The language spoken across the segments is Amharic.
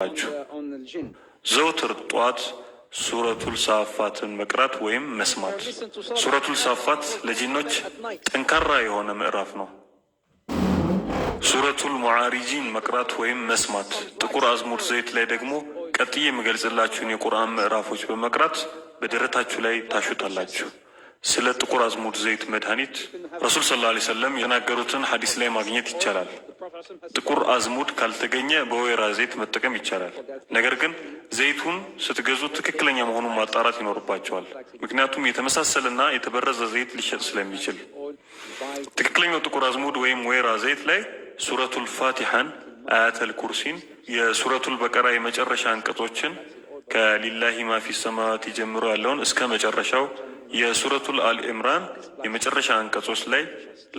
ናችሁ። ዘውትር ጧት ሱረቱል ሳፋትን መቅራት ወይም መስማት። ሱረቱል ሳፋት ለጂኖች ጠንካራ የሆነ ምዕራፍ ነው። ሱረቱል ሙዓሪጂን መቅራት ወይም መስማት። ጥቁር አዝሙድ ዘይት ላይ ደግሞ ቀጥዬ የሚገልጽላችሁን የቁርአን ምዕራፎች በመቅራት በደረታችሁ ላይ ታሹታላችሁ። ስለ ጥቁር አዝሙድ ዘይት መድኃኒት ረሱል ስ ላ ሰለም የተናገሩትን ሀዲስ ላይ ማግኘት ይቻላል። ጥቁር አዝሙድ ካልተገኘ በወይራ ዘይት መጠቀም ይቻላል። ነገር ግን ዘይቱን ስትገዙ ትክክለኛ መሆኑን ማጣራት ይኖርባቸዋል። ምክንያቱም የተመሳሰለና የተበረዘ ዘይት ሊሸጥ ስለሚችል ትክክለኛው ጥቁር አዝሙድ ወይም ወይራ ዘይት ላይ ሱረቱል ፋቲሐን፣ አያተል ኩርሲን፣ የሱረቱል በቀራ የመጨረሻ አንቀጾችን ከሊላሂ ማፊ ሰማዋት ጀምሮ ያለውን እስከ መጨረሻው የሱረቱል አል ኢምራን የመጨረሻ አንቀጾች ላይ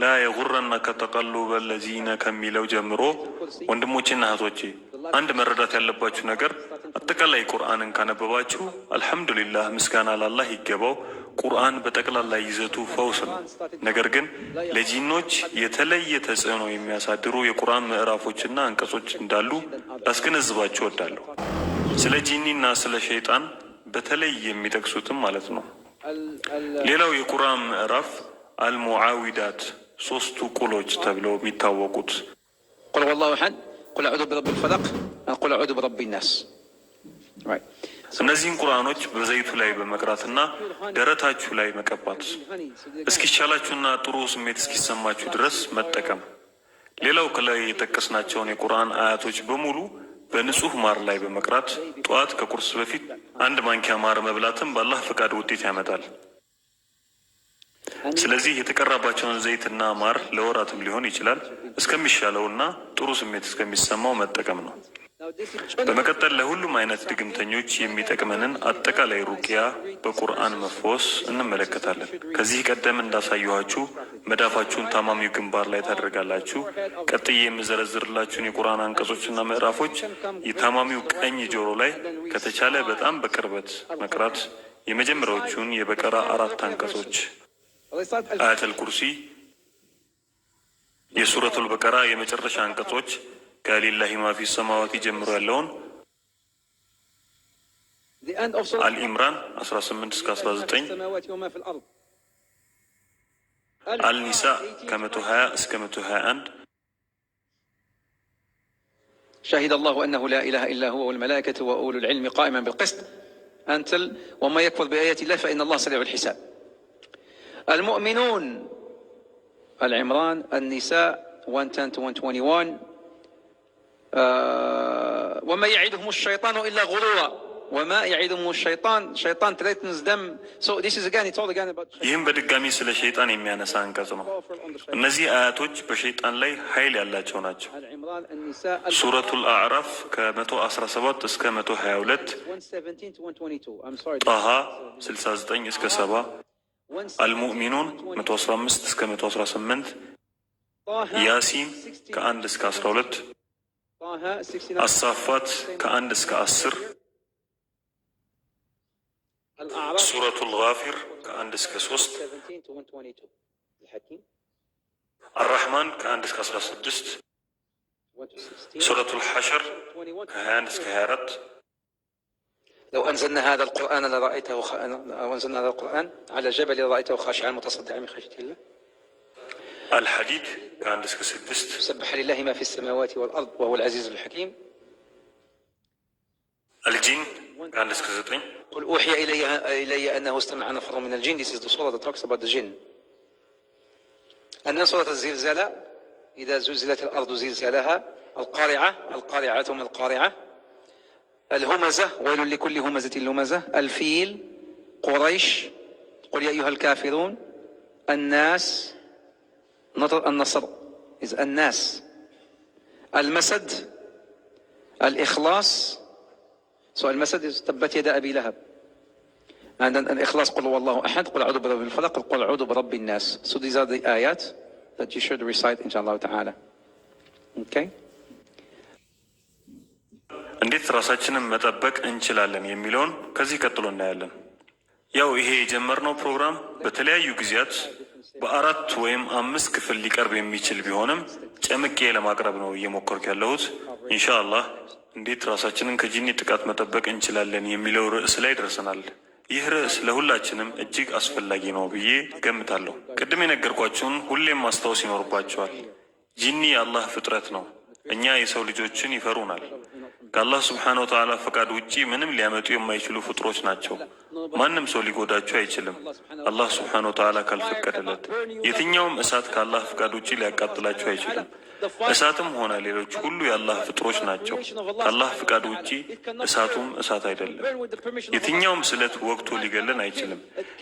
ላ የጉረና ከተቀሉ በለዚነ ከሚለው ጀምሮ ወንድሞቼና እህቶቼ አንድ መረዳት ያለባችሁ ነገር አጠቃላይ ቁርአንን ካነበባችሁ አልሐምዱሊላህ ምስጋና ላላህ ይገባው። ቁርአን በጠቅላላ ይዘቱ ፈውስ ነው። ነገር ግን ለጂኖች የተለየ ተጽዕኖ የሚያሳድሩ የቁርአን ምዕራፎችና አንቀጾች እንዳሉ ላስገነዝባችሁ እወዳለሁ። ስለ ጂኒና ስለ ሸይጣን በተለይ የሚጠቅሱትም ማለት ነው ሌላው የቁርአን ምዕራፍ አልሙዓዊዳት ሶስቱ ቁሎች ተብለው የሚታወቁት ቁል ወላሁ አሐድ፣ ቁል አዑዙ ፈለቅ፣ ቁል አዑዙ ናስ። እነዚህን ቁርአኖች በዘይቱ ላይ በመቅራትና ደረታችሁ ላይ መቀባት እስኪቻላችሁና ጥሩ ስሜት እስኪሰማችሁ ድረስ መጠቀም። ሌላው ከላይ የጠቀስናቸውን የቁርአን አያቶች በሙሉ በንጹህ ማር ላይ በመቅራት ጠዋት ከቁርስ በፊት አንድ ማንኪያ ማር መብላትም በአላህ ፈቃድ ውጤት ያመጣል። ስለዚህ የተቀራባቸውን ዘይትና ማር ለወራትም ሊሆን ይችላል እስከሚሻለውና ጥሩ ስሜት እስከሚሰማው መጠቀም ነው። በመቀጠል ለሁሉም አይነት ድግምተኞች የሚጠቅመንን አጠቃላይ ሩቅያ በቁርአን መፈወስ እንመለከታለን። ከዚህ ቀደም እንዳሳየኋችሁ መዳፋችሁን ታማሚው ግንባር ላይ ታደርጋላችሁ። ቀጥዬ የምዘረዝርላችሁን የቁርአን አንቀጾችና ምዕራፎች የታማሚው ቀኝ ጆሮ ላይ ከተቻለ በጣም በቅርበት መቅራት የመጀመሪያዎቹን የበቀራ አራት አንቀጾች አያተል ኩርሲ፣ የሱረቱል በቀራ የመጨረሻ አንቀጾች ከሊላሂ ማፊ ሰማዋቲ ጀምሮ ያለውን አልኢምራን 18 እስከ 19 አልኒሳ ከ120 እስከ 121 شهد الله أنه لا إله إلا هو والملائكة وأولو العلم قائما بالقسط أنتل وما يكفر بآيات الله فإن الله سريع الحساب المؤمنون العمران النساء 110 to 121 ወመን የዒድሁም ሸይጣኑ ኢላ ጉሩራ ወማ የዒድሁም ሸይጣን ሸይጣን ትሬትንስ ደም። ይህም በድጋሚ ስለ ሸይጣን የሚያነሳ አንቀጽ ነው። እነዚህ አያቶች በሸይጣን ላይ ኃይል ያላቸው ናቸው። ሱረቱል አዕራፍ ከ117 እስከ 122፣ ጣሃ 69 እስከ 70፣ አልሙእሚኑን 115 እስከ 118፣ ያሲን ከ1 እስከ 12 الصافات كأندس كأسر سورة الغافر كأندس كسوست الرحمن كأندس አራሕማን سدست سورة الحشر كأندس ሱረቱ لو أنزلنا هذا القرآن لرأيته خ... أنزلنا هذا القرآن على جبل لرأيته خاشعا متصدعا من خشية الله الحديد كان ديسك ስድስት سبح لله ما في السماوات والأرض وهو العزيز الحكيم الجن ديسك سكزتين قل أوحي إلي, إلي أنه استمع نفر من الجن This is the surah that talks about the jinn أن صورة الزلزال إذا زلزلت الأرض زلزالها القارعة القارعة ثم القارعة الهمزة ويل لكل همزة لمزة الفيل قريش قل يا أيها الكافرون الناس النصر is الناس المسد الإخلاص so المسد is تبت يد أبي لهب and then الإخلاص قل والله أحد قل أعوذ برب الفلق قل أعوذ برب الناس so these are the ayat that you should recite إن شاء الله تعالى okay እንዴት ራሳችንን መጠበቅ እንችላለን የሚለውን ከዚህ ቀጥሎ እናያለን። ያው ይሄ የጀመርነው ፕሮግራም በተለያዩ ጊዜያት በአራት ወይም አምስት ክፍል ሊቀርብ የሚችል ቢሆንም ጨምቄ ለማቅረብ ነው እየሞከርኩ ያለሁት። ኢንሻአላህ እንዴት ራሳችንን ከጂኒ ጥቃት መጠበቅ እንችላለን የሚለው ርዕስ ላይ ደርሰናል። ይህ ርዕስ ለሁላችንም እጅግ አስፈላጊ ነው ብዬ ገምታለሁ። ቅድም የነገርኳችሁን ሁሌም ማስታወስ ይኖርባቸዋል። ጂኒ የአላህ ፍጥረት ነው። እኛ የሰው ልጆችን ይፈሩናል። ከአላህ ስብሓነ ወተዓላ ፈቃድ ውጪ ምንም ሊያመጡ የማይችሉ ፍጥሮች ናቸው። ማንም ሰው ሊጎዳቸው አይችልም፣ አላህ ስብሓነ ወተዓላ ካልፈቀደለት። የትኛውም እሳት ከአላህ ፍቃድ ውጪ ሊያቃጥላቸው አይችልም። እሳትም ሆነ ሌሎች ሁሉ የአላህ ፍጥሮች ናቸው። ከአላህ ፍቃድ ውጪ እሳቱም እሳት አይደለም። የትኛውም ስለት ወቅቱ ሊገለን አይችልም፣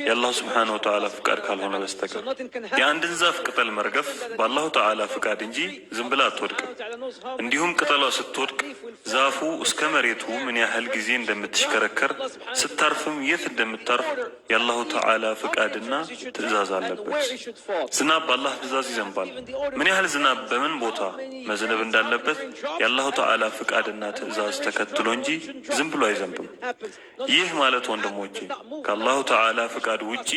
የአላህ ስብሓነ ወተዓላ ፍቃድ ካልሆነ በስተቀር። የአንድን ዛፍ ቅጠል መርገፍ በአላሁ ተዓላ ፍቃድ እንጂ ዝም ብላ አትወድቅም። እንዲሁም ቅጠሏ ስትወድቅ ዛፉ እስከ መሬቱ ምን ያህል ጊዜ እንደምትሽከረከር ስታርፍም እንዴት እንደምታርፍ የአላሁ ተዓላ ፍቃድና ትእዛዝ አለበት። ዝናብ በአላህ ትእዛዝ ይዘንባል። ምን ያህል ዝናብ በምን ቦታ መዝነብ እንዳለበት የአላሁ ተዓላ ፍቃድና ትእዛዝ ተከትሎ እንጂ ዝም ብሎ አይዘንብም። ይህ ማለት ወንድሞቼ ከአላሁ ተዓላ ፍቃድ ውጪ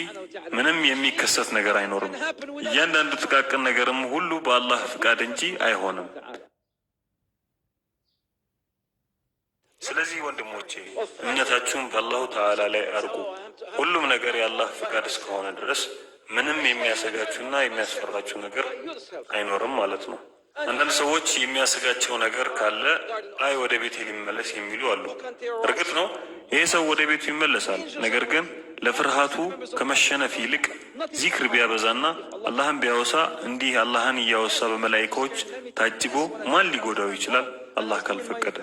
ምንም የሚከሰት ነገር አይኖርም። እያንዳንዱ ጥቃቅን ነገርም ሁሉ በአላህ ፍቃድ እንጂ አይሆንም። ስለዚህ ወንድሞቼ እምነታችሁን በአላሁ ተዓላ ላይ አርጉ። ሁሉም ነገር የአላህ ፍቃድ እስከሆነ ድረስ ምንም የሚያሰጋችሁና የሚያስፈራችሁ ነገር አይኖርም ማለት ነው። አንዳንድ ሰዎች የሚያሰጋቸው ነገር ካለ አይ ወደ ቤት ሊመለስ የሚሉ አሉ። እርግጥ ነው ይህ ሰው ወደ ቤቱ ይመለሳል። ነገር ግን ለፍርሃቱ ከመሸነፍ ይልቅ ዚክር ቢያበዛና አላህን ቢያወሳ እንዲህ አላህን እያወሳ በመላይካዎች ታጅቦ ማን ሊጎዳው ይችላል? አላህ ካልፈቀደ።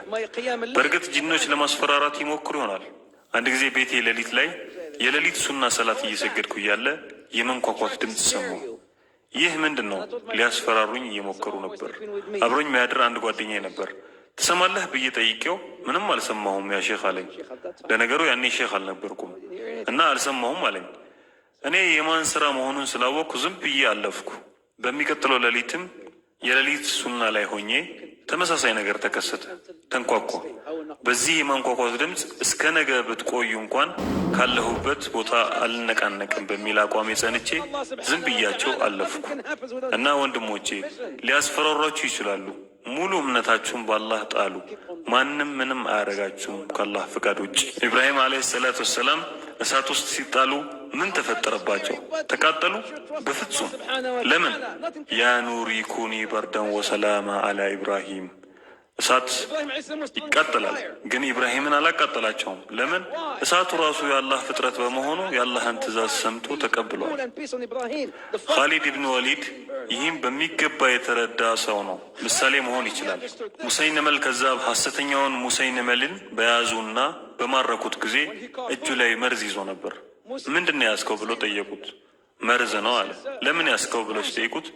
በእርግጥ ጂኖች ለማስፈራራት ይሞክሩ ይሆናል። አንድ ጊዜ ቤቴ ሌሊት ላይ የሌሊት ሱና ሰላት እየሰገድኩ እያለ የመንኳኳት ድምፅ ሰሙ። ይህ ምንድን ነው? ሊያስፈራሩኝ እየሞከሩ ነበር። አብሮኝ መያድር አንድ ጓደኛዬ ነበር። ትሰማለህ ብዬ ጠይቄው ምንም አልሰማሁም ያ ሼክ አለኝ። ለነገሩ ያኔ ሼክ አልነበርኩም እና አልሰማሁም አለኝ። እኔ የማን ስራ መሆኑን ስላወቅኩ ዝም ብዬ አለፍኩ። በሚቀጥለው ሌሊትም የሌሊት ሱና ላይ ሆኜ ተመሳሳይ ነገር ተከሰተ፣ ተንኳኳ። በዚህ የማንኳኳት ድምፅ እስከ ነገ ብትቆዩ እንኳን ካለሁበት ቦታ አልነቃነቅም በሚል አቋም የጸንቼ ዝም ብያቸው አለፍኩ እና ወንድሞቼ ሊያስፈራሯችሁ ይችላሉ። ሙሉ እምነታችሁን በአላህ ጣሉ። ማንም ምንም አያረጋችሁም ከአላህ ፍቃድ ውጭ። ኢብራሂም ዓለይሂ ሰላቱ ወሰላም እሳት ውስጥ ሲጣሉ ምን ተፈጠረባቸው? ተቃጠሉ? በፍጹም። ለምን? ያ ኩኒ በርደን ወሰላማ አላ ኢብራሂም። እሳት ይቃጠላል፣ ግን ኢብራሂምን አላቃጠላቸውም። ለምን? እሳቱ ራሱ የአላህ ፍጥረት በመሆኑ የአላህን ትእዛዝ ሰምቶ ተቀብሏል። ኻሊድ ኢብኑ ወሊድ ይህም በሚገባ የተረዳ ሰው ነው ምሳሌ መሆን ይችላል። ሙሰይነመል ከዛብ ሐሰተኛውን ሙሰይነመልን በያዙና በማረኩት ጊዜ እጁ ላይ መርዝ ይዞ ነበር። ምንድን ነው ያዝከው ብሎ ጠየቁት። መርዝ ነው አለ። ለምን ያዝከው ብሎ ሲጠይቁት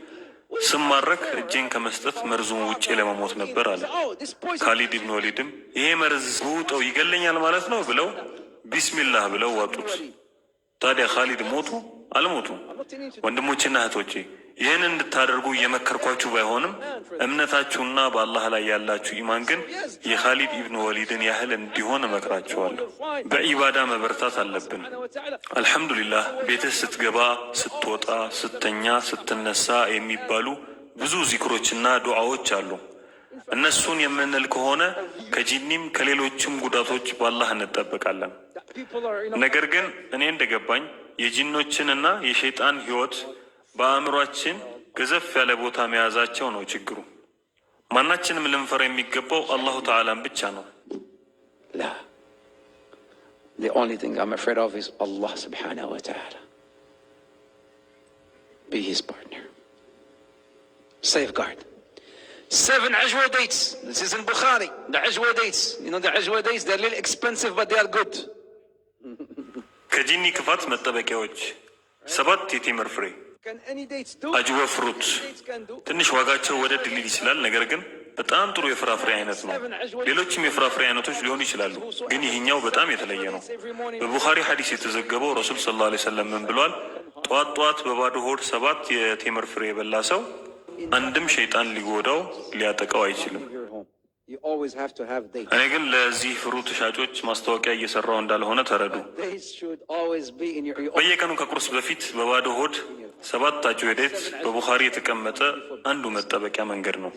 ስማረክ እጄን ከመስጠት መርዙን ውጭ ለመሞት ነበር አለ። ካሊድ ኢብን ወሊድም ይሄ መርዝ ውጠው ይገለኛል ማለት ነው ብለው ቢስሚላህ ብለው ዋጡት። ታዲያ ካሊድ ሞቱ አልሞቱ? ወንድሞችና እህቶቼ ይህን እንድታደርጉ እየመከርኳችሁ ባይሆንም እምነታችሁና በአላህ ላይ ያላችሁ ኢማን ግን የኻሊድ ኢብን ወሊድን ያህል እንዲሆን እመክራችኋለሁ። በኢባዳ መበርታት አለብን። አልሐምዱሊላህ ቤትህ ስትገባ፣ ስትወጣ፣ ስተኛ፣ ስትነሳ የሚባሉ ብዙ ዚክሮችና ዱዓዎች አሉ። እነሱን የምንል ከሆነ ከጂኒም ከሌሎችም ጉዳቶች በአላህ እንጠበቃለን። ነገር ግን እኔ እንደገባኝ የጂኖችንና የሸይጣን ህይወት። በአእምሯችን ገዘፍ ያለ ቦታ መያዛቸው ነው ችግሩ። ማናችንም ልንፈራ የሚገባው አላሁ ተዓላን ብቻ ነው። አላህ ስብሓነሁ ወተዓላ ከጂኒ ክፋት መጠበቂያዎች ሰባት የቴምር ፍሬ አጅዋ ፍሩት ትንሽ ዋጋቸው ወደድ ሊል ይችላል፣ ነገር ግን በጣም ጥሩ የፍራፍሬ አይነት ነው። ሌሎችም የፍራፍሬ አይነቶች ሊሆኑ ይችላሉ፣ ግን ይህኛው በጣም የተለየ ነው። በቡኻሪ ሐዲስ የተዘገበው ረሱል ስለ ላ ሰለም ምን ብሏል? ጠዋት ጠዋት በባዶ ሆድ ሰባት የቴምር ፍሬ የበላ ሰው አንድም ሸይጣን ሊጎዳው ሊያጠቀው አይችልም። እኔ ግን ለዚህ ፍሩት ሻጮች ማስታወቂያ እየሰራው እንዳልሆነ ተረዱ። በየቀኑ ከቁርስ በፊት በባዶ ሆድ ሰባት ሄደት በቡኻሪ የተቀመጠ አንዱ መጠበቂያ መንገድ ነው።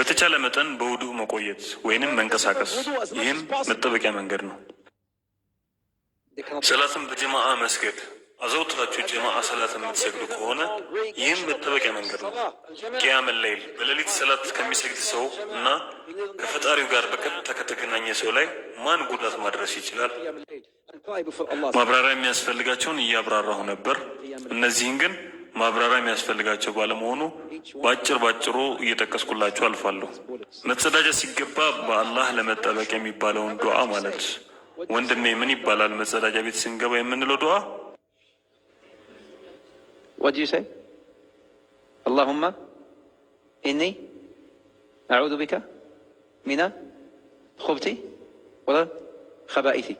በተቻለ መጠን በውዱ መቆየት ወይንም መንቀሳቀስ፣ ይህም መጠበቂያ መንገድ ነው። ሰላትም በጀማዓ መስገድ አዘውትራችሁ ጀማዓ ሰላት የምትሰግዱ ከሆነ ይህም መጠበቂያ መንገድ ነው። ቅያም ላይል በሌሊት ሰላት ከሚሰግድ ሰው እና ከፈጣሪው ጋር በቀጥታ ከተገናኘ ሰው ላይ ማን ጉዳት ማድረስ ይችላል? ማብራሪያ የሚያስፈልጋቸውን እያብራራሁ ነበር። እነዚህን ግን ማብራሪያ የሚያስፈልጋቸው ባለመሆኑ በአጭር ባጭሩ እየጠቀስኩላችሁ አልፋለሁ። መጸዳጃ ሲገባ በአላህ ለመጠበቅ የሚባለውን ዱዓ ማለት ወንድሜ ምን ይባላል? መጸዳጃ ቤት ስንገባ የምንለው ዱዓ What do you say? Allahumma inni a'udhu bika mina khubti wal khabaithi.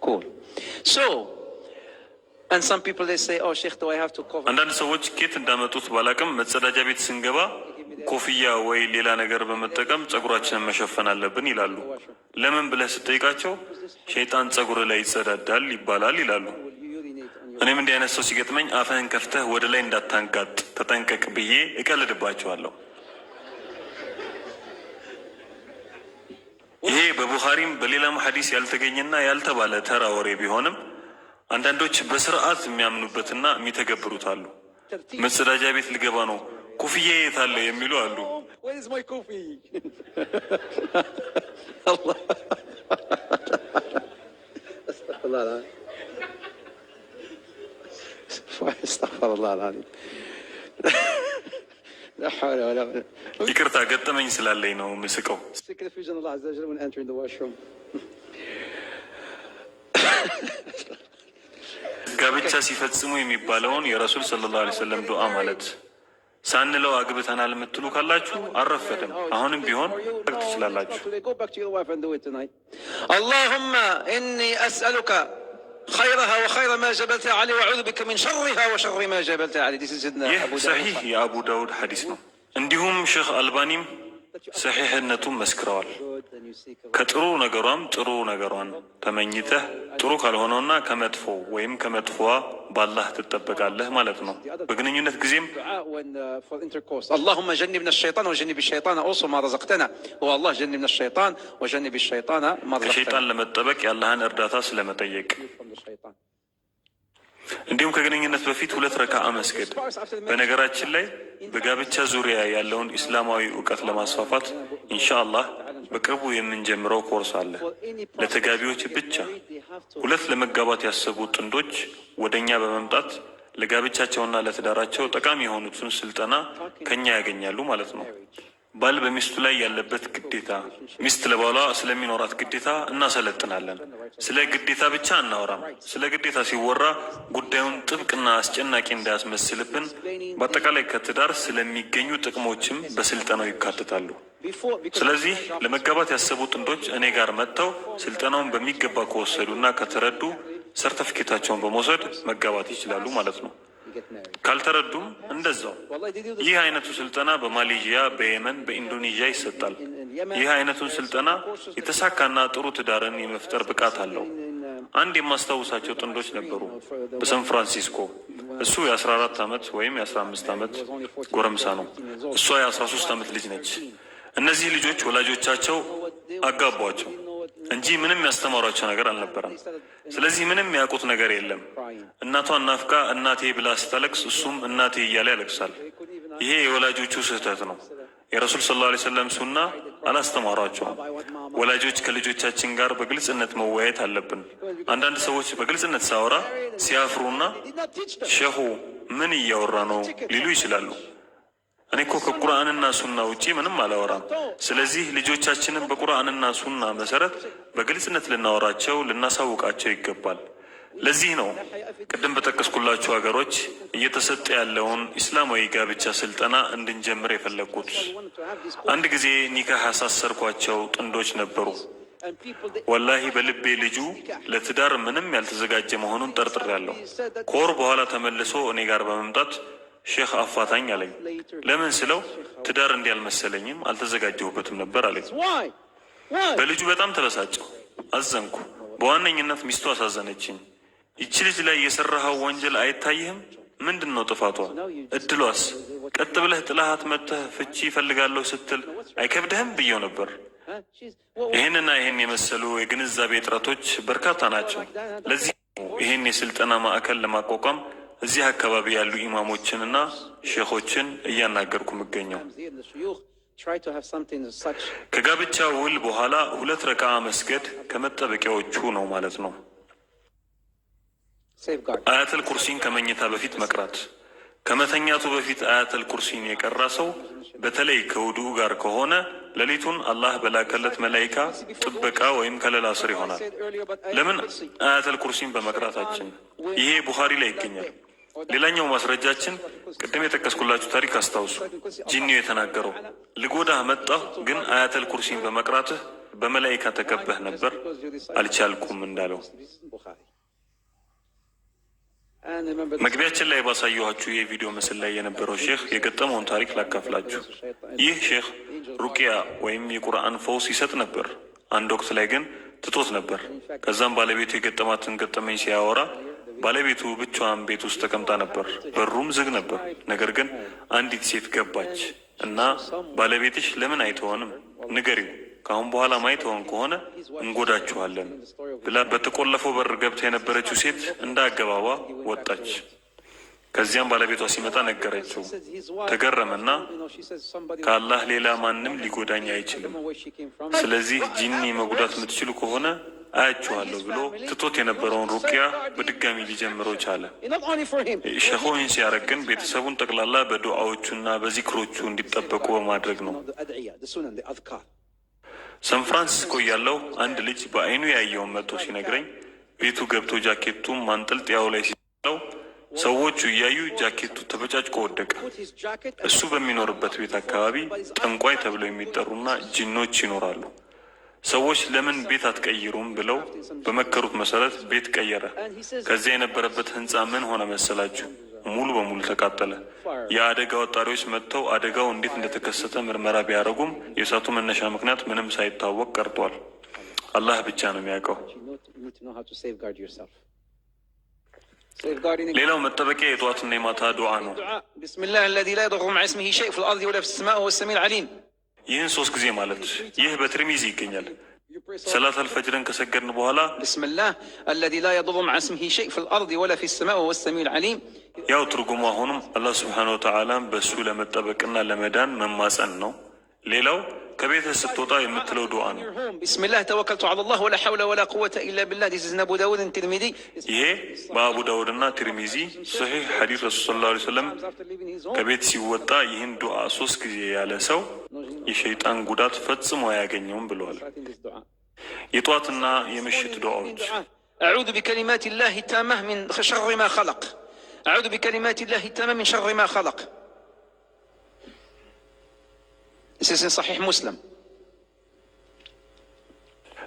Cool. So, and some people they say, oh Sheikh, do I have to cover? አንዳንድ ሰዎች ኬት እንዳመጡት ባላቅም መጸዳጃ ቤት ስንገባ ኮፍያ ወይ ሌላ ነገር በመጠቀም ጸጉራችንን መሸፈን አለብን ይላሉ። ለምን ብለህ ስጠይቃቸው ሸይጣን ጸጉር ላይ ይጸዳዳል ይባላል ይላሉ። እኔም እንዲህ አይነት ሰው ሲገጥመኝ አፍህን ከፍተህ ወደ ላይ እንዳታንጋጥ ተጠንቀቅ ብዬ እቀልድባቸዋለሁ። ይሄ በቡኻሪም በሌላም ሐዲስ ያልተገኘና ያልተባለ ተራ ወሬ ቢሆንም አንዳንዶች በስርዓት የሚያምኑበትና የሚተገብሩት አሉ። መጸዳጃ ቤት ልገባ ነው፣ ኮፍያ የት አለ የሚሉ አሉ። አላህ ይቅርታ ገጠመኝ ስላለኝ ነው ምስቀው። ጋብቻ ሲፈጽሙ የሚባለውን የረሱል ሰለላሁ ዐለይሂ ወሰለም ዱዓ ማለት ሳንለው አግብተናል የምትሉ ካላችሁ አረፈድም። አሁንም ቢሆን ትችላላችሁ። አላሁማ ኢኒ አስአሉካ خيرها وخير ما جبلتها عليه واعوذ بك من شرها وشر ما جبلتها عليه دي سيدنا ابو داود صحيح يا ابو داود حديثنا عندهم شيخ البانيم ሰሒሕነቱን መስክረዋል። ከጥሩ ነገሯም ጥሩ ነገሯን ተመኝተህ ጥሩ ካልሆነውና ከመጥፎ ወይም ከመጥፎዋ ባላህ ትጠበቃለህ ማለት ነው። በግንኙነት ጊዜም አላሁመ ጀንብና ሸይጣን ወጀንብ ሸይጣን ኦሶ ማረዘቅተና ወአላህ ጀንብና ሸይጣን ወጀንብ ሸይጣን ከሸይጣን ለመጠበቅ የአላህን እርዳታ ስለመጠየቅ እንዲሁም ከግንኙነት በፊት ሁለት ረካዓ መስገድ። በነገራችን ላይ በጋብቻ ዙሪያ ያለውን ኢስላማዊ እውቀት ለማስፋፋት ኢንሻ በቅርቡ የምንጀምረው ኮርስ አለ፣ ለተጋቢዎች ብቻ። ሁለት ለመጋባት ያሰቡ ጥንዶች ወደ እኛ በመምጣት ለጋብቻቸውና ለትዳራቸው ጠቃሚ የሆኑትን ስልጠና ከኛ ያገኛሉ ማለት ነው። ባል በሚስቱ ላይ ያለበት ግዴታ፣ ሚስት ለባሏ ስለሚኖራት ግዴታ እናሰለጥናለን። ስለ ግዴታ ብቻ አናወራም። ስለ ግዴታ ሲወራ ጉዳዩን ጥብቅና አስጨናቂ እንዳያስመስልብን በአጠቃላይ ከትዳር ስለሚገኙ ጥቅሞችም በስልጠናው ይካተታሉ። ስለዚህ ለመጋባት ያሰቡ ጥንዶች እኔ ጋር መጥተው ስልጠናውን በሚገባ ከወሰዱና ከተረዱ ሰርተፊኬታቸውን በመውሰድ መጋባት ይችላሉ ማለት ነው። ካልተረዱም እንደዛው። ይህ አይነቱ ስልጠና በማሌዥያ፣ በየመን፣ በኢንዶኔዥያ ይሰጣል። ይህ አይነቱን ስልጠና የተሳካና ጥሩ ትዳርን የመፍጠር ብቃት አለው። uh, አንድ የማስታውሳቸው ጥንዶች ነበሩ በሳን ፍራንሲስኮ። እሱ የ14 ዓመት ወይም የ15 ዓመት ጎረምሳ ነው። እሷ የ13 ዓመት ልጅ ነች። እነዚህ ልጆች ወላጆቻቸው አጋቧቸው። እንጂ ምንም ያስተማሯቸው ነገር አልነበረም። ስለዚህ ምንም ያውቁት ነገር የለም። እናቷን ናፍቃ እናቴ ብላ ስታለቅስ እሱም እናቴ እያለ ያለቅሳል። ይሄ የወላጆቹ ስህተት ነው። የረሱል ሰለላሁ ላ ወሰለም ሱና አላስተማሯቸውም። ወላጆች ከልጆቻችን ጋር በግልጽነት መወያየት አለብን። አንዳንድ ሰዎች በግልጽነት ሳወራ ሲያፍሩና ሸሁ ምን እያወራ ነው ሊሉ ይችላሉ። ከቁርአንና ሱና ውጪ ምንም አላወራም። ስለዚህ ልጆቻችንን በቁርአንና ሱና መሰረት በግልጽነት ልናወራቸው፣ ልናሳውቃቸው ይገባል። ለዚህ ነው ቅድም በጠቀስኩላችሁ ሀገሮች እየተሰጠ ያለውን ኢስላማዊ ጋብቻ ስልጠና እንድንጀምር የፈለግኩት። አንድ ጊዜ ኒካህ ያሳሰርኳቸው ጥንዶች ነበሩ። ወላሂ በልቤ ልጁ ለትዳር ምንም ያልተዘጋጀ መሆኑን ጠርጥሬያለሁ። ከወር በኋላ ተመልሶ እኔ ጋር በመምጣት ሼህ አፋታኝ አለኝ። ለምን ስለው ትዳር እንዲያልመሰለኝም አልተዘጋጀሁበትም ነበር አለኝ። በልጁ በጣም ተበሳጨሁ፣ አዘንኩ። በዋነኝነት ሚስቱ አሳዘነችኝ። ይቺ ልጅ ላይ የሰራኸው ወንጀል አይታይህም? ምንድን ነው ጥፋቷ? እድሏስ? ቀጥ ብለህ ጥላሃት መጥተህ ፍቺ ይፈልጋለሁ ስትል አይከብድህም ብየው ነበር። ይህንና ይህን የመሰሉ የግንዛቤ እጥረቶች በርካታ ናቸው። ለዚህ ይህን የስልጠና ማዕከል ለማቋቋም እዚህ አካባቢ ያሉ ኢማሞችንና ሼኾችን እያናገርኩ የምገኘው። ከጋብቻ ውል በኋላ ሁለት ረካ መስገድ ከመጠበቂያዎቹ ነው ማለት ነው። አያተል ኩርሲን ከመኝታ በፊት መቅራት። ከመተኛቱ በፊት አያተል ኩርሲን የቀራ ሰው በተለይ ከውድኡ ጋር ከሆነ ሌሊቱን አላህ በላከለት መላይካ ጥበቃ ወይም ከለላ ስር ይሆናል። ለምን አያተል ኩርሲን በመቅራታችን። ይሄ ቡኻሪ ላይ ይገኛል። ሌላኛው ማስረጃችን ቅድም የጠቀስኩላችሁ ታሪክ አስታውሱ። ጂኒው የተናገረው ልጎዳህ መጣሁ፣ ግን አያተል ኩርሲን በመቅራትህ በመላይካ ተከበህ ነበር አልቻልኩም እንዳለው መግቢያችን ላይ ባሳየኋችሁ የቪዲዮ ምስል ላይ የነበረው ሼህ የገጠመውን ታሪክ ላካፍላችሁ። ይህ ሼህ ሩቅያ ወይም የቁርአን ፈውስ ይሰጥ ነበር። አንድ ወቅት ላይ ግን ትቶት ነበር። ከዛም ባለቤቱ የገጠማትን ገጠመኝ ሲያወራ ባለቤቱ ብቻዋን ቤት ውስጥ ተቀምጣ ነበር። በሩም ዝግ ነበር። ነገር ግን አንዲት ሴት ገባች እና ባለቤትሽ ለምን አይተሆንም ንገሪው፣ ከአሁን በኋላ ማይተሆን ከሆነ እንጎዳችኋለን ብላ በተቆለፈው በር ገብታ የነበረችው ሴት እንደ አገባቧ ወጣች። ከዚያም ባለቤቷ ሲመጣ ነገረችው። ተገረመና ከአላህ ሌላ ማንም ሊጎዳኝ አይችልም። ስለዚህ ጂኒ መጉዳት የምትችሉ ከሆነ አያቸዋለሁ ብሎ ትቶት የነበረውን ሩቅያ በድጋሚ ሊጀምረው ቻለ። ሸሆይን ሲያረግ ግን ቤተሰቡን ጠቅላላ በዱዓዎቹና በዚክሮቹ እንዲጠበቁ በማድረግ ነው። ሳን ፍራንሲስኮ እያለሁ አንድ ልጅ በአይኑ ያየውን መጥቶ ሲነግረኝ ቤቱ ገብቶ ጃኬቱን ማንጠልጥያው ላይ ሲለው ሰዎቹ እያዩ ጃኬቱ ተበጫጭቆ ወደቀ። እሱ በሚኖርበት ቤት አካባቢ ጠንቋይ ተብለው የሚጠሩና ጅኖች ይኖራሉ። ሰዎች ለምን ቤት አትቀይሩም ብለው በመከሩት መሰረት ቤት ቀየረ። ከዚያ የነበረበት ህንፃ ምን ሆነ መሰላችሁ? ሙሉ በሙሉ ተቃጠለ። የአደጋ ወጣሪዎች መጥተው አደጋው እንዴት እንደተከሰተ ምርመራ ቢያደርጉም የእሳቱ መነሻ ምክንያት ምንም ሳይታወቅ ቀርቷል። አላህ ብቻ ነው የሚያውቀው። ሌላው መጠበቂያ የጠዋትና የማታ ዱዓ ነው። ይህን ሶስት ጊዜ ማለት ይህ በትርሚዚ ይገኛል። ሰላት አልፈጅርን ከሰገድን በኋላ ብስምላህ አለዚ ላ የዱሩ መዐ ስምሂ ሸይ ፊል አርድ ወላ ፊ ሰማ ወሁወ ሰሚዑል ዓሊም። ያው ትርጉሙ አሁንም አላህ ስብሓነ ወተዓላን በእሱ ለመጠበቅና ለመዳን መማፀን ነው። ሌላው ከቤትህ ስትወጣ የምትለው ዱዓ ነው። ቢስሚላህ ተወከልቱ ዐላ ላህ ወላ ሐውለ ወላ ቁወተ ኢላ ቢላህ ዲስ ኢዝ አቡ ዳውድ ትርሚዚ። ይሄ በአቡ ዳውድና ትርሚዚ ሰሒህ ሐዲስ ረሱል ሰለላሁ ዐለይሂ ወሰለም ከቤት ሲወጣ ይህን ዱዓ ሶስት ጊዜ ያለ ሰው የሸይጣን ጉዳት ፈጽሞ አያገኘውም ብለዋል። የጧትና የምሽት ዱዓዎች አዑዙ ቢከሊማቲላሂ ታማህ ሚን ሸሪ ማ ኸለቅ አዑዙ ቢከሊማቲላሂ ታማህ ሚን ሸሪ ማ ኸለቅ እስስን ሰሒሕ ሙስልም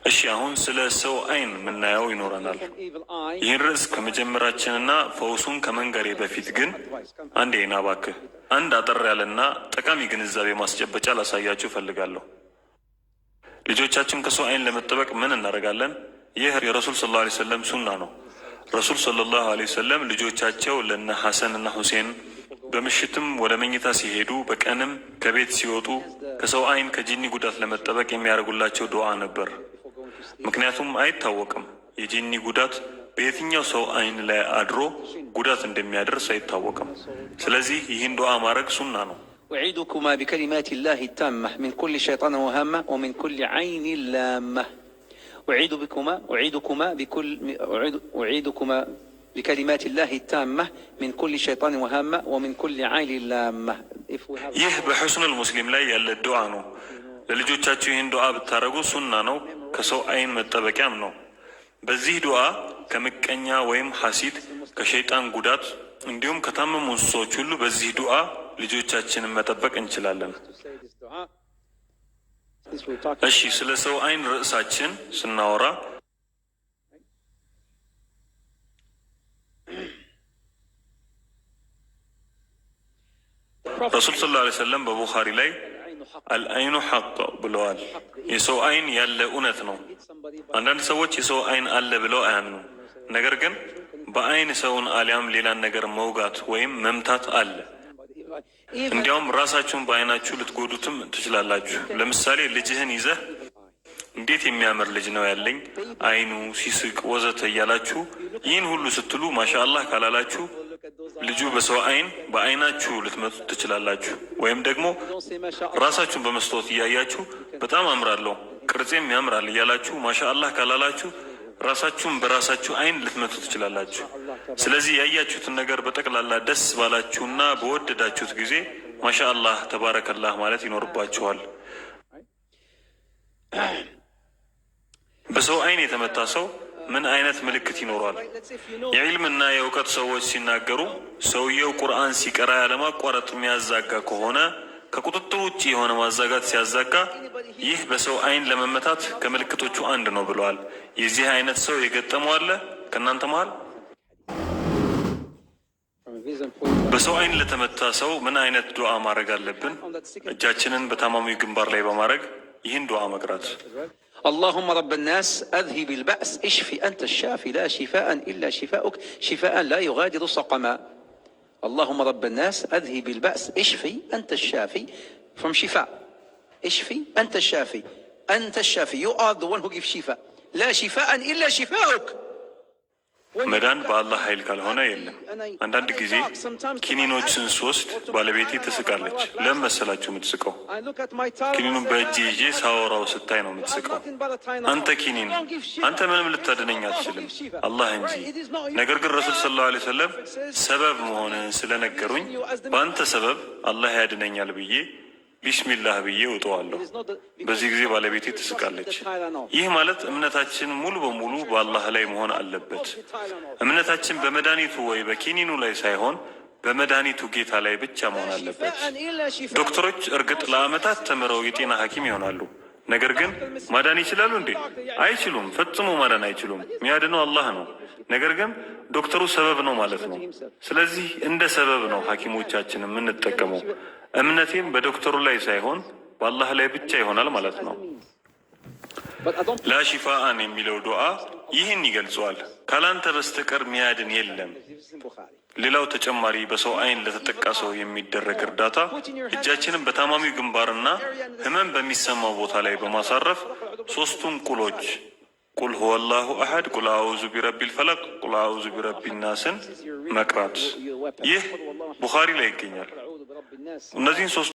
እሺ አሁን ስለ ሰው አይን የምናየው ይኖረናል። ይህን ርዕስ ከመጀመራችንና ፈውሱን ከመንገሬ በፊት ግን አንድ አይና እባክህ አንድ አጠር ያለና ጠቃሚ ግንዛቤ ማስጨበጫ ላሳያችሁ እፈልጋለሁ። ልጆቻችን ከሰው አይን ለመጠበቅ ምን እናደርጋለን? ይህ የረሱል ሰለላሁ ዐለይሂ ወሰለም ሱና ነው። ረሱል ሰለላሁ ዐለይሂ ወሰለም ልጆቻቸው ለነ ሐሰን እና ሁሴን በምሽትም ወደ መኝታ ሲሄዱ፣ በቀንም ከቤት ሲወጡ ከሰው ዓይን ከጂኒ ጉዳት ለመጠበቅ የሚያደርጉላቸው ዱዓ ነበር። ምክንያቱም አይታወቅም የጂኒ ጉዳት በየትኛው ሰው ዓይን ላይ አድሮ ጉዳት እንደሚያደርስ አይታወቅም። ስለዚህ ይህን ዱዓ ማድረግ ሱና ነው። أعيدكما بكلمات الله التامة من كل شيطان وهامة ومن كل عين لامة أعيد بكما أعيدكما بكل أعيد أعيدكما ቢከሊማት ላህ ታማ ሚን ኩል ሸይጣን ወሃማ ወሚን ኩል አይን ላማ። ይህ በሑስኑል ሙስሊም ላይ ያለ ዱዓ ነው። ለልጆቻችሁ ይህን ዱዓ ብታደረጉ ሱና ነው፣ ከሰው አይን መጠበቂያም ነው። በዚህ ዱዓ ከምቀኛ ወይም ሐሲድ፣ ከሸይጣን ጉዳት እንዲሁም ከታመሙ እንስሳዎች ሁሉ በዚህ ዱዓ ልጆቻችንን መጠበቅ እንችላለን። እሺ ስለ ሰው አይን ርዕሳችን ስናወራ ረሱል ስላ ላ ሰለም በቡኻሪ ላይ አልአይኑ ሐቅ ብለዋል። የሰው አይን ያለ እውነት ነው። አንዳንድ ሰዎች የሰው አይን አለ ብለው አያምኑም። ነገር ግን በአይን ሰውን አሊያም ሌላን ነገር መውጋት ወይም መምታት አለ። እንዲያውም ራሳችሁን በአይናችሁ ልትጎዱትም ትችላላችሁ። ለምሳሌ ልጅህን ይዘህ እንዴት የሚያምር ልጅ ነው ያለኝ አይኑ ሲስቅ ወዘተ እያላችሁ ይህን ሁሉ ስትሉ ማሻ ካላላችሁ ልጁ በሰው አይን በአይናችሁ ልትመጡ ትችላላችሁ፣ ወይም ደግሞ ራሳችሁን በመስታወት እያያችሁ በጣም አምራለሁ ቅርጼም ያምራል እያላችሁ ማሻአላህ ካላላችሁ ራሳችሁን በራሳችሁ አይን ልትመቱ ትችላላችሁ። ስለዚህ ያያችሁትን ነገር በጠቅላላ ደስ ባላችሁና በወደዳችሁት ጊዜ ማሻአላህ ተባረከላህ ማለት ይኖርባችኋል። በሰው አይን የተመታ ሰው ምን አይነት ምልክት ይኖሯል? የዕልምና የእውቀት ሰዎች ሲናገሩ ሰውየው ቁርአን ሲቀራ ያለማቋረጥ የሚያዛጋ ከሆነ ከቁጥጥር ውጭ የሆነ ማዛጋት ሲያዛጋ ይህ በሰው አይን ለመመታት ከምልክቶቹ አንድ ነው ብለዋል። የዚህ አይነት ሰው የገጠመው አለ ከእናንተ መሃል? በሰው አይን ለተመታ ሰው ምን አይነት ዱዓ ማድረግ አለብን? እጃችንን በታማሚው ግንባር ላይ በማድረግ ይህን ዱዓ መቅራት اللهم رب الناس أذهب البأس اشف أنت الشافي لا شفاء إلا شفاءك شفاء لا يغادر سقما اللهم رب الناس أذهب البأس اشفي أنت الشافي from شفاء اشفي أنت الشافي أنت الشافي you are the one who gives شفاء لا شفاء إلا شفاءك መዳን በአላህ ኃይል ካልሆነ የለም። አንዳንድ ጊዜ ኪኒኖችን ስወስድ ባለቤቴ ትስቃለች። ለም መሰላችሁ የምትስቀው? ኪኒኑን በእጅ ይዤ ሳወራው ስታይ ነው የምትስቀው። አንተ ኪኒን፣ አንተ ምንም ልታድነኝ አትችልም፣ አላህ እንጂ። ነገር ግን ረሱል ሰለላሁ ዐለይሂ ወሰለም ሰበብ መሆንህን ስለነገሩኝ በአንተ ሰበብ አላህ ያድነኛል ብዬ ቢስሚላህ ብዬ እውጠዋለሁ። በዚህ ጊዜ ባለቤቴ ትስቃለች። ይህ ማለት እምነታችን ሙሉ በሙሉ በአላህ ላይ መሆን አለበት። እምነታችን በመድኃኒቱ ወይ በኪኒኑ ላይ ሳይሆን በመድኃኒቱ ጌታ ላይ ብቻ መሆን አለበት። ዶክተሮች እርግጥ ለዓመታት ተምረው የጤና ሐኪም ይሆናሉ። ነገር ግን ማዳን ይችላሉ እንዴ? አይችሉም። ፈጽሞ ማዳን አይችሉም። የሚያድነው አላህ ነው። ነገር ግን ዶክተሩ ሰበብ ነው ማለት ነው። ስለዚህ እንደ ሰበብ ነው ሐኪሞቻችን የምንጠቀመው። እምነቴም በዶክተሩ ላይ ሳይሆን በአላህ ላይ ብቻ ይሆናል ማለት ነው። ላሺፋአን የሚለው ዱዓ ይህን ይገልጸዋል። ካላንተ በስተቀር ሚያድን የለም። ሌላው ተጨማሪ በሰው አይን ለተጠቃ ሰው የሚደረግ እርዳታ እጃችንን በታማሚው ግንባርና ህመም በሚሰማው ቦታ ላይ በማሳረፍ ሶስቱን ቁሎች ቁል ሁወ ላሁ አሐድ፣ ቁል አውዙ ቢረቢ ልፈለቅ፣ ቁል አውዙ ቢረቢ ናስን መቅራት ይህ ቡኻሪ ላይ ይገኛል። እነዚህን ሶስት